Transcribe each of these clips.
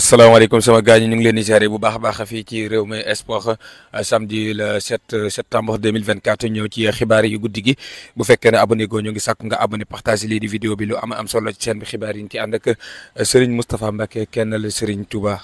asalaamaaleykum sama gars ñi ñu ngi leen di ziare bu baax a baax fii ci réew mi sport euh, samedi le 7 euh, septembre 2024 ñëw ci xibaar yi guddi gi bu fekkee ne abonné goo ñu ngi sàkk nga abonné partage lii di vidéo bi lu am am solo ci seen bi xibaar yi ñu ci ànd ak euh, Serigne Moustapha Mbacke kenn la Serigne Touba.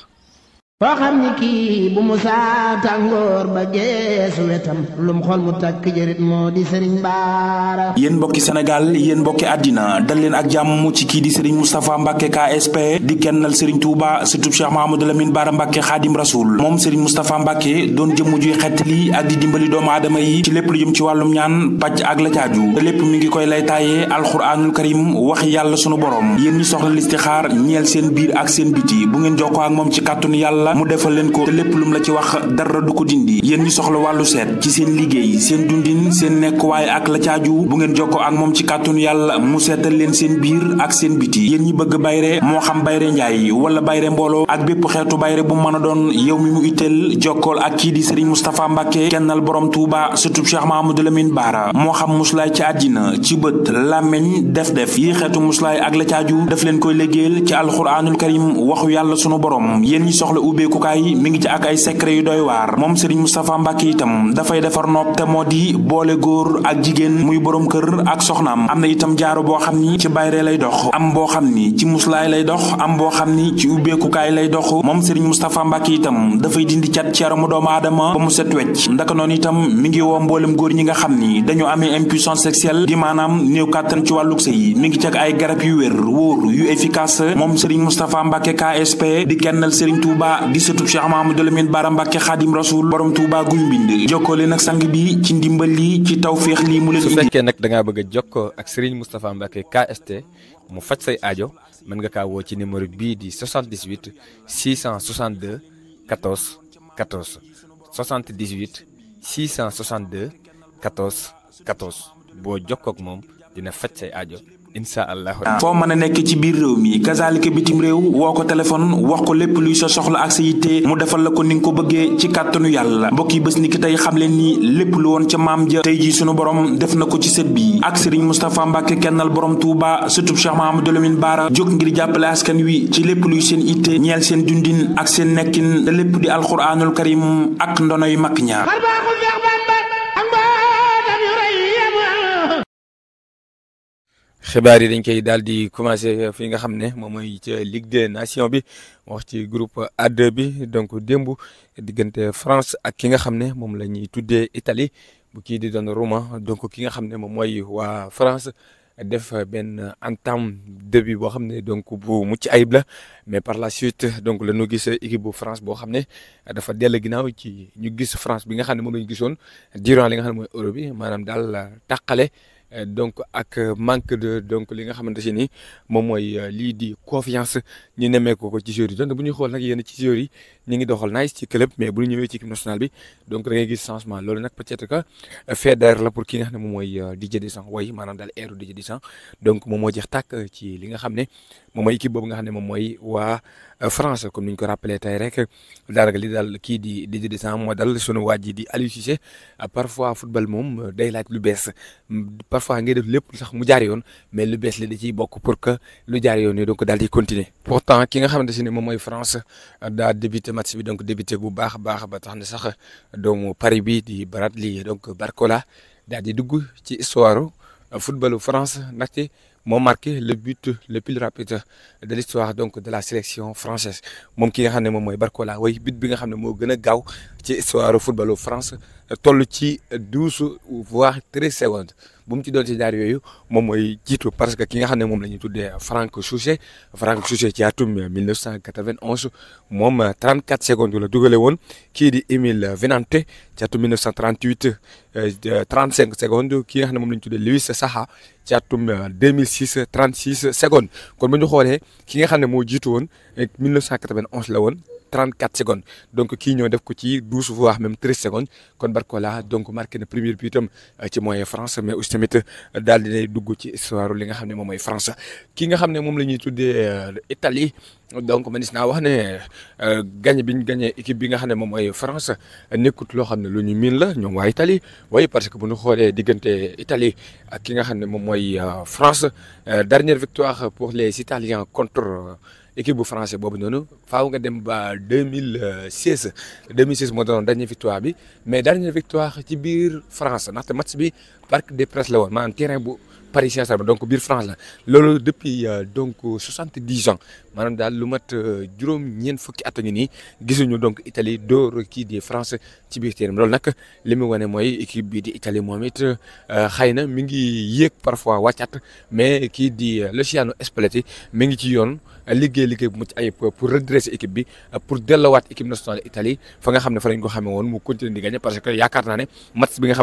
foo xam ni kii bu musaa tàngoor ba geesu wetam lum xol mu takk jërit moo di sëriñ baara yéen mbokki sénégal yéen mbokki àddina dal leen ak jàmm ci kii di sëriñ moustapha mbàkke ksp di kennal sëriñ touba surtout cheikh mahamadou lamine baara mbàkke xaadim rasul moom sëriñ moustapha mbàkke doon jëmm juy xett li ak di dimbali doomu aadama yi ci lépp lu jëm ci wàllum ñaan pàcc ak la te lépp mi ngi koy lay taaye alxuraanul karim wax yàlla sunu borom yéen ñi soxla listixaar ñeel seen biir ak seen biti bu ngeen jokkoo ak moom ci kàttunu yàlla yàlla mu defal leen ko te lépp lum la ci wax dara du ko dindi yéen ñi soxla wàllu seet ci seen liggéey seen dundin seen nekkuwaay ak la caaju bu ngeen jokkoo ak moom ci kàttanu yàlla mu seetal leen seen biir ak seen biti yéen ñi bëgg bayre moo xam bayre njaay wala bayre mbooloo ak bépp xeetu bayre bu mën a doon yow mi mu itteel jokkool ak kii di Serigne Moustapha Mbacke kennal borom Touba surtout Cheikh Mahamadou Lamine Bara moo xam muslaay ci àddina ci bët làmmiñ def def yi xeetu muslaay ak la caaju daf leen koy liggéeyal ci alxuraanul waxu yàlla sunu borom ubbeekukaay mi ngi ci ak ay secret yu doy waar moom Serigne Moustapha Mbacke itam dafay defar nopp te moo di boole góor ak jigéen muy borom kër ak soxnaam am na itam jaaro boo xam ni ci bayre lay dox am boo xam ni ci muslaay lay dox am boo xam ni ci ubbeekukaay lay dox moom Serigne Moustapha Mbacke itam dafay dindi cat ci yaramu doomu aadama ba mu set wecc ndaka noonu itam mi ngi woo mboolem góor ñi nga xam ni dañu amee impuissance sexuelle di maanaam néew kàttan ci wàllug sëy mi ngi ci ay garab yu wér wóor yu efficace moom Serigne Touba di sëtub Cheikh Mahamadou Lamine Bara Mbàkke Xaadim Rasuul borom Touba guy mbind jokkoo leen ak sang bi ci ndimbal li ci tawféex lii mu leen su fekkee nag da bëgg a jokkoo ak Serigne Moustapha Mbàkke KST mu faj say ajo mën nga kaa woo ci numéro bii di 78 662 14 14 78 662 14 14 boo jokkoo ak moom dina faj say ajo incha allah. Ah. foo mën a nekk ci biir réew mi kazaalika bitim réew woo ko téléphone wax ko lépp luy sa soxla ak sa yitte mu defal la ko ni nga ko bëggee ci kàttanu yàlla mbokk yi bés ni ki tey xam leen ni lépp lu woon ca maam ja tey jii sunu borom def na ko ci sët bi ak sëriñ Moustapha Mbacke kennal borom Touba sëtub Cheikh Mahamadou Lamine Bara jóg ngir jàppale askan wi ci lépp luy seen itte ñeel seen dundin ak seen nekkin te lépp di alxuraanul karim ak ndono yu mag ñaar. xibaar yi dañ koy daal di commencé fi nga xam ne moom mooy ca Ligue des bi wax ci groupe A2 bi donc démb diggante France ak ki nga xam ne moom la ñuy tuddee Italie bu kii di Donnarumma donc ki nga xam ne moom mooy waa France. def benn entame début boo xam ne donc bu mucc ayib la mais par la suite donc la nu gis équipe bu France boo xam ne dafa dell ginaaw ci ñu gis France bi nga xam ne moom la ñu gisoon durant li nga xam ne mooy euro bi maanaam daal tàqale Euh, donc ak euh, manque de donc li nga xamante si ni moom mooy euh, lii di confiance ñu nemmeeku ko ci joueurs yi donc bu ñuy xool nag yéen ci joueurs yi ñu ngi doxal nice ci club mais bu ñu ñëwee ci équipe nationale bi donc da ngay gis changement loolu nag peut-être que fait xam ne moom mooy Didier Deschamps way maanaam daal airu Didier Deschamps donc moom moo jeex tàkk ci li nga xam ne moom mooy équipe boobu nga xam ne moom mooy waa France comme ni ñu ko rappelé tey rek daanaka li daal kii di di Didier Deschamps moo dal sunu waa ji di Aliou Cissé parfois football moom day laaj lu bees. parfois ngay def lépp sax mu jaar yoon mais lu bees li da ciy bokk pour que lu jaar yoon yi donc daal di continuer. pourtant ki nga xamante ne moom mooy France daa débuté match bi donc débuté bu baax baax ba tax na sax doomu Paris bi di Bradley donc Barcola daal di dugg ci histoire footballu France ndaxte moo marqué le but le plus rapide de l'histoire donc de la sélection française moom ki nga xam ne moom mooy Barcola way but bi nga xam ne moo gën a gaaw ci histoire footballu France toll bu mu ci doon si ñaar yooyu moom mooy jiitu parce que ki nga xam ne moom la ñuy tuddee Franck Soucé Franck Soucé ci atum 1991 moom 34 secondes la dugale woon kii di Émile Venante ci atum 1938 35 euh, secondes ki nga xam ne moom la ñu tuddee Louis Saha ci atum 2006 36 secondes kon bu ñu xoolee ki nga xam ne moo jiitu woon 1991 euh, la woon. 34 secondes donc kii ñëw def ko ci 12 voire même 13 secondes kon Barcola donc marqué na premier but am euh, ci moyen France mais aussi tamit euh, daal di lay dugg ci histoire li nga xam ne moom mooy France ki nga xam ne moom la ñuy tuddee euh, Italie donc manis naa wax ne gagné bi ñu gagné équipe bi nga xam ne moom mooy France nekkut loo xam ne lu ñu miin la ñoom waa Italie waaye parce que bu ñu xoolee diggante Italie ak ki nga xam ne moom mooy France dernière victoire pour les Italiens contre. équipe bu français boobu noonu faaw nga dem ba 2016 2016 moo doon dernière victoire bi mais dernière victoire ci biir France ndaxte match bi parc des Princes la woon maanaam terrain bu. Paris Saint-Germain donc biir France la loolu depuis euh, donc soixante dix ans maanaam daal lu mat euh, juróom ñeen fukki at a ngi nii gisuñu donc itali door kii di France ci biir terrain loolu nag li mu wane mooy équipe bii di itali moom it euh, xëy na mi ngi yéeg parfois wàccaat mais kii di Luciano Spalletti mi ngi ci yoon liggéey liggéey bu mucc ayib pour redresser équipe bi pour dellowaat équipe nationale Italie fa nga xam ne fa ko xamee woon mu continuer di gagner que yaakaar naa ne match bi nga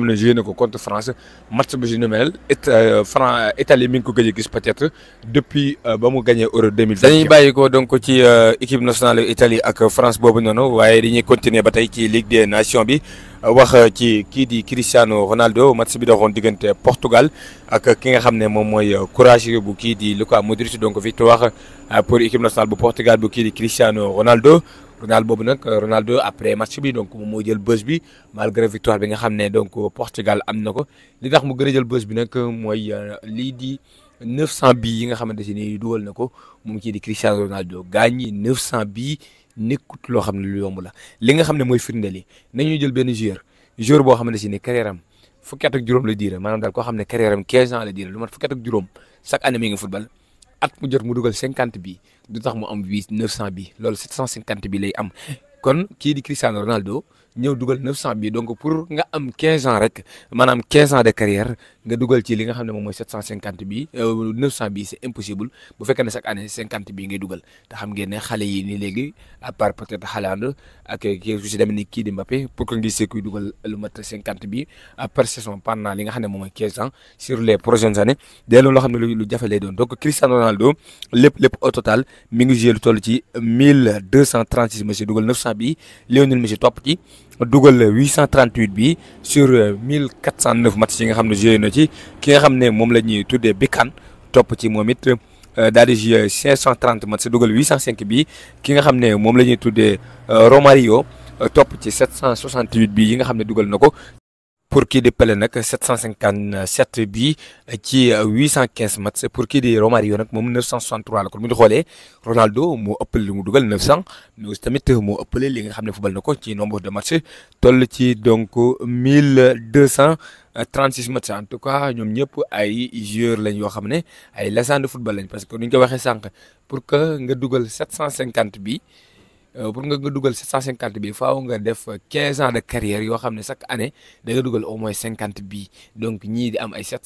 franc Italie mi ngi ko gëj gis peut-être depuis euh, ba mu gagné euro 2020. dañuy bàyyi ko ci euh, équipe nationale Italie ak France boobu noonu waaye dañuy continuer ba tey ci Ligue des Nations bi. wax euh, ci kii di Cristiano Ronaldo match bi doxoon diggante Portugal ak ki nga xam ne moom mooy euh, courage bu kii di Luka Modric donc victoire euh, pour équipe nationale bu Portugal bu kii di Cristiano Ronaldo. Ronaldo boobu nag Ronaldo après match bi donc moom mooy jël buzz bi malgré victoire bi nga xam ne donc Portugal am na ko li tax mu gën a jël buzz bi nag mooy lii di 900 bi yi nga xamante ne dugal na ko moom kii di Cristiano Ronaldo gaañ 900 bi nit nekkut loo xam ne lu yomb la li nga xam ne mooy firndeel na ñu jël benn joueur joueur boo xam ne si ni carrière am fukki at ak juróom la diire maanaam daal ko xam ne carrière am 15 ans la diire lu mat fukki at ak juróom chaque année mi ngi football at mu jot mu dugal cinquante bi du tax mu am 8 900 bi loolu 750 bi lay am kon kii di Cristiano Ronaldo ñëw dugal 900 bi donc pour nga am 15 ans rek maanaam 15 ans de carrière nga dugal ci li nga xam ne moom mooy 750 bi 900 euh, bi c'est impossible bu fekkee ne chaque année 50 bi ngay dugal te xam ngeen ne xale yi nii léegi à part peut-être Haaland ak kii ku si demee ni kii di Mbappé pour que ngi see dugal lu mat 50 bi par saison pendant li nga xam ne moom mooy 15 ans sur les prochaines années day loolu loo xam ne lu jafe lay doon donc Cristiano Ronaldo lépp lépp au total mi ngi joué lu toll ci 1236 monsieur dugal 900 bi Lionel topp ci. ba dugal 838 bi sur 1409 euh, match yi nga xam ne joué na ci ki nga xam ne moom la ñuy tuddee Bikan topp ci moom it euh, daal di joué 530 match dugal 805 bi ki nga xam ne moom la ñuy tuddee euh, Romario topp ci 768 bi yi nga xam ne dugal na ko pour kii di Pelé nag 757 bi ci 815 match pour kii di Romario nag moom 963 la kon bu ñu xoolee Ronaldo moo ëppale li mu dugal 900 mais aussi tamit moo ëppale li nga xam ne fubal na ko ci nombre de match toll ci donc 1200. 36 matchs en tout cas ñoom ñëpp ay joueurs lañ yoo xam ne ay légendes de football lañ parce que ni ñu ko waxee sànq pour que nga dugal cinquante bi Euh, pour nga dugal dugal ci cinquante bi faaw nga def 15 ans de carrière yoo xam ne chaque année da nga dugal au moins 50 bi donc ñii di am ay cent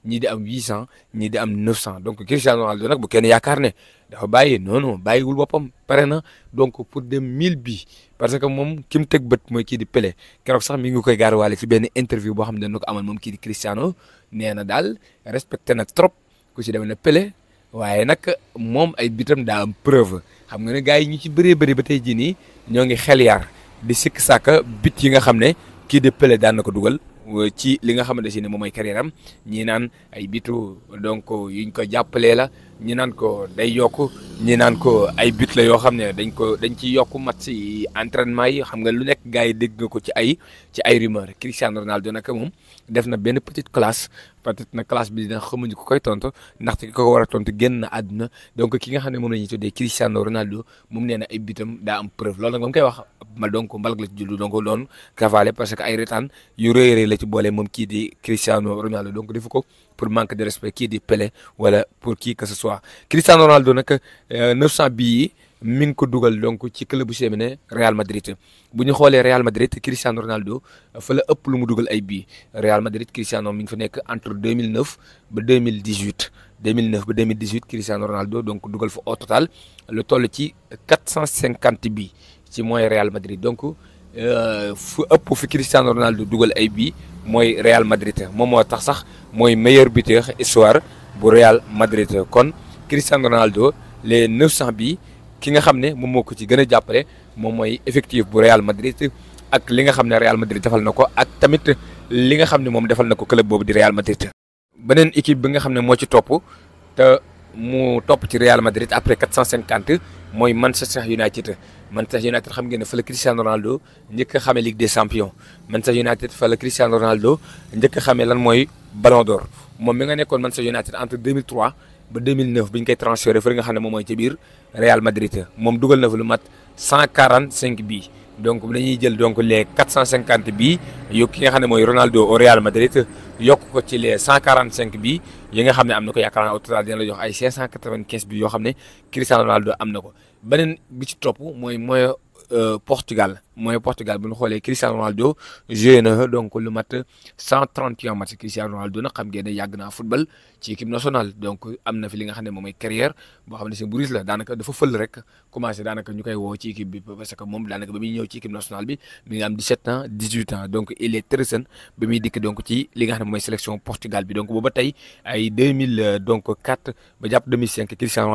ñii di am cent ñii di am cent donc Cristiano Ronaldo nag bu kenn yaakaar ne dafa bàyyi non non bàyyiwul boppam pare na donc pour dem 1000 bi parce que moom ki mu teg bët mooy kii di Pelé keroog sax mi ngi gaar waale ci benn interview boo xam ne dañ ko amal moom kii di Cristiano nee na daal respecté na trop ku ci demee ne Pelé. waaye nag moom ay bitam daa am preuve xam nga ne gars yi ñu ci bëree bëri ba tey jii nii ñoo ngi xel yar di sikk sàkk bit yi nga xam ne kii de Pelé daan na ko dugal euh, ci li nga xamante ne moom mooy carrière am ñii naan ay bitu donc yuñ ko jàppalee la ñi naan ko day yokk ñi naan ko ay but la yoo xam ne dañ ko dañ ciy yokk mat si entraînement yi xam nga lu nekk gars yi dégg nga ko ci ay ci ay rumeur Cristiano Ronaldo nag moom def na benn petite classe peut-être na classe bi dina xamuñu ko koy tontu ndaxte ki ko tontu génn na àdduna donc ki nga xam ne moom la ñuy tuddee Cristiano Ronaldo moom nee na ay bitam daa am preuve loolu nag ba mu koy wax ma donc mbalag la ci jullu donc doon cavale parce que ay retaan yu rëy la ci boole moom kii di Cristiano Ronaldo donc defu ko. pour manque de respect kii di Pelé wala pour qui que ce soit Cristiano Ronaldo nag 900 yi mi ko dugal donc ci club bu séminé Real Madrid bu ñu xoolee Real Madrid Cristiano Ronaldo fa la ëpp lu mu dugal ay bii Real Madrid Cristiano mi ngi fa nekk entre 2009 ba 2018 2009 ba 2018 Cristiano Ronaldo donc dugal fa au total lu toll ci 450 bii ci mooy Real Madrid donc euh, fu ëpp fi Cristiano Ronaldo dugal ay bii. mooy Real Madrid moom moo tax sax mooy meilleur buteur histoire bu Real Madrid kon Cristiano Ronaldo les 900 bi ki nga xam ne moom moo ko ci gën a jàppale moom mooy effectif bu Real Madrid ak li nga xam ne Real Madrid defal na ko ak tamit li nga xam ne moom defal na ko club boobu di Real Madrid. beneen équipe bi nga xam ne moo ci topp te mu topp ci Real Madrid après 450. mooy Manchester United Manchester United xam ngeen fa la Cristiano Ronaldo njëkk a xamee Ligue des Champions Manchester United fa la Cristiano Ronaldo njëkk a lan mooy Ballon d'Or moom mi nga nekkoon Manchester United entre 2003 ba 2009 bi ñu koy transféré fa nga xam ne moom mooy ci biir Real Madrid moom dugal na fa lu mat 145 bii. donc dañuy jël donc les cinquante bi yu ki nga xam ne mooy Ronaldo au Real Madrid yokk ko ci les cinq bi yi nga xam ne am na ko yaakaar naa au total dina la jox ay 595 bi yoo xam ne Cristiano Ronaldo am na ko beneen bi ci topp mooy mooy euh, Portugal. mooy Portugal bu ñu xoolee Cristiano Ronaldo joué na donc lu et un match Cristiano Ronaldo nag xam ngeen ne yàgg naa football ci équipe nationale donc am na fi li nga xam ne mooy carrière boo xam ne si buris la daanaka dafa fël rek commencé daanaka ñu koy woo ci équipe bi parce que moom daanaka ba muy ñëw ci équipe nationale bi mi ngi am 17 ans 18 ans donc il est très jeune ba muy dikk donc ci li xam ne mooy sélection Portugal bi donc booba ba jàpp 2005 Cristiano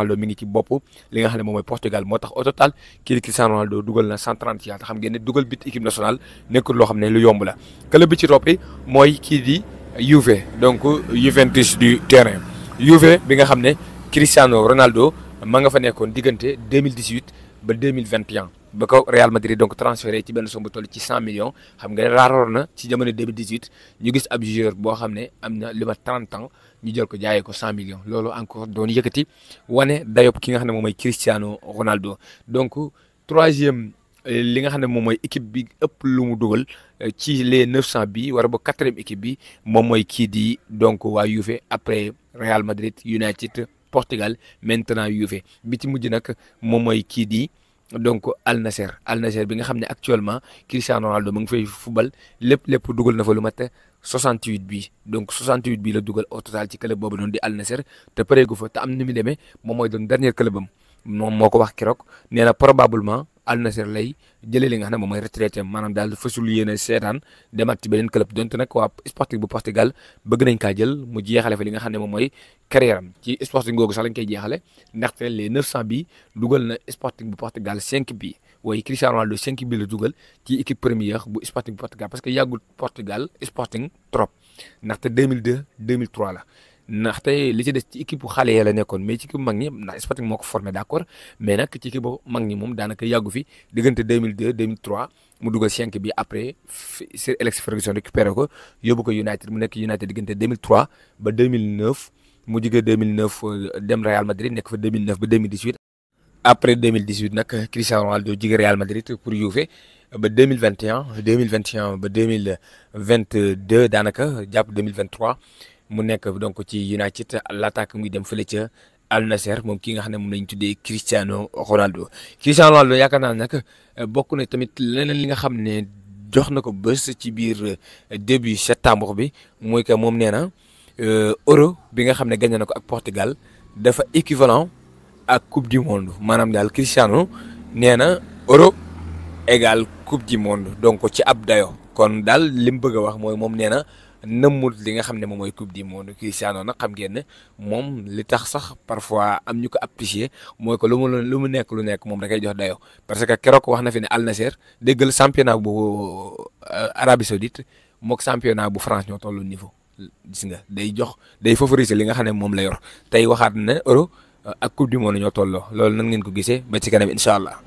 génne dugal bit équipe nationale nekkul loo xam ne lu yomb la club bi ci toppi mooy kii di Juve donc Juventus du terrain Juve bi nga xam ne Cristiano Ronaldo ma nga fa nekkoon diggante 2018 ba 2021 ba ko Real Madrid donc transféré ci benn somme bu toll ci 100 millions xam nga raaroon na ci jamono 2018 ñu gis boo xam ne am na li ma 30 ans ñu jël ko jaayee ko 100 millions loolu encore doon yëkkati wane dayop ki nga xam ne moom mooy Cristiano Ronaldo donc troisième li nga xam ne moom mooy équipe bi ëpp lu mu dugal euh, ci les 900 bi wara ba quatrième équipe bi moom mooy kii di donc waa Juve après Real Madrid United Portugal maintenant Juve bi ci mujj nag moom mooy kii di donc Al Nasser Al Nasser bi nga xam ne actuellement Cristiano Ronaldo mu ngi fay football lépp lépp dugal na fa lu mat 68 bi donc 68 bi la dugal au total ci club boobu noonu di Al Nasser te pareegu fa te am na mu demee moom mooy doon dernier club am. moom moo ko wax keroog nee na probablement Al Nassr lay jëlee li nga xam ne moom mooy retraité maanaam daal fasul yéene seetaan demaat ci beneen club donte nag waa Sporting bu Portugal bëgg nañ kaa jël mu jeexale fa li nga xam ne moom mooy carrière am ci Sporting googu sax lañ koy jeexale ndaxte les cent bi dugal na Sporting bu Portugal cinq bi waaye Cristiano de cinq bi la dugal ci équipe première bu Sporting bu Portugal parce que yàggul Portugal Sporting trop ndaxte 2002 2003 la. ndaxte li ci des ci équipe bu xale ya la nekkoon mais ci équipe mag ñi ndax ko mag ñi moom daanaka yàggu fi diggante 2002 2003 mu dugal 5 bi après Sir Alex Ferguson récupéré ko yóbbu ko United mu nekk United diggante 2003 ba 2009 mu jugee 2009 dem Real Madrid nekk fa 2009 ba 2018. après 2018 nag Cristiano Ronaldo jugee Real Madrid pour Juve ba 2021 2021 ba 2022 daanaka mu nekk donc ci United l'attaque muy dem fële ca Al moom ki nga xam ne moom la ñu tuddee Cristiano Ronaldo Cristiano Ronaldo yaakaar naa nag bokk na tamit leneen li nga xam ne jox na ko bës ci biir début septembre bi mooy que moom nee na euh, euro bi nga xam ne gagné na ko ak Portugal dafa équivalent ak coupe du monde maanaam daal Cristiano nee na euro égal coupe du monde donc ci ab dayo kon daal li mu bëgg a wax mooy moom nee na. nëmmul li nga xam ne moom mooy coupe du monde Cristiano nag xam ngeen ne moom li tax sax parfois am ñu ko apprécier mooy que lu mu lu mu nekk lu nekk moom da koy jox dayoo parce que keroog wax na fi ne Al Nasser déggal championnat bu euh, Arabie Saoudite mook championnat bu France ñoo tollu niveau gis nga day jox day favoriser li nga xam ne moom la yor tey waxaat na euro euh, ak coupe du monde ñoo tolloo loolu nan ngeen ko gisee ba ci kanam incha allah.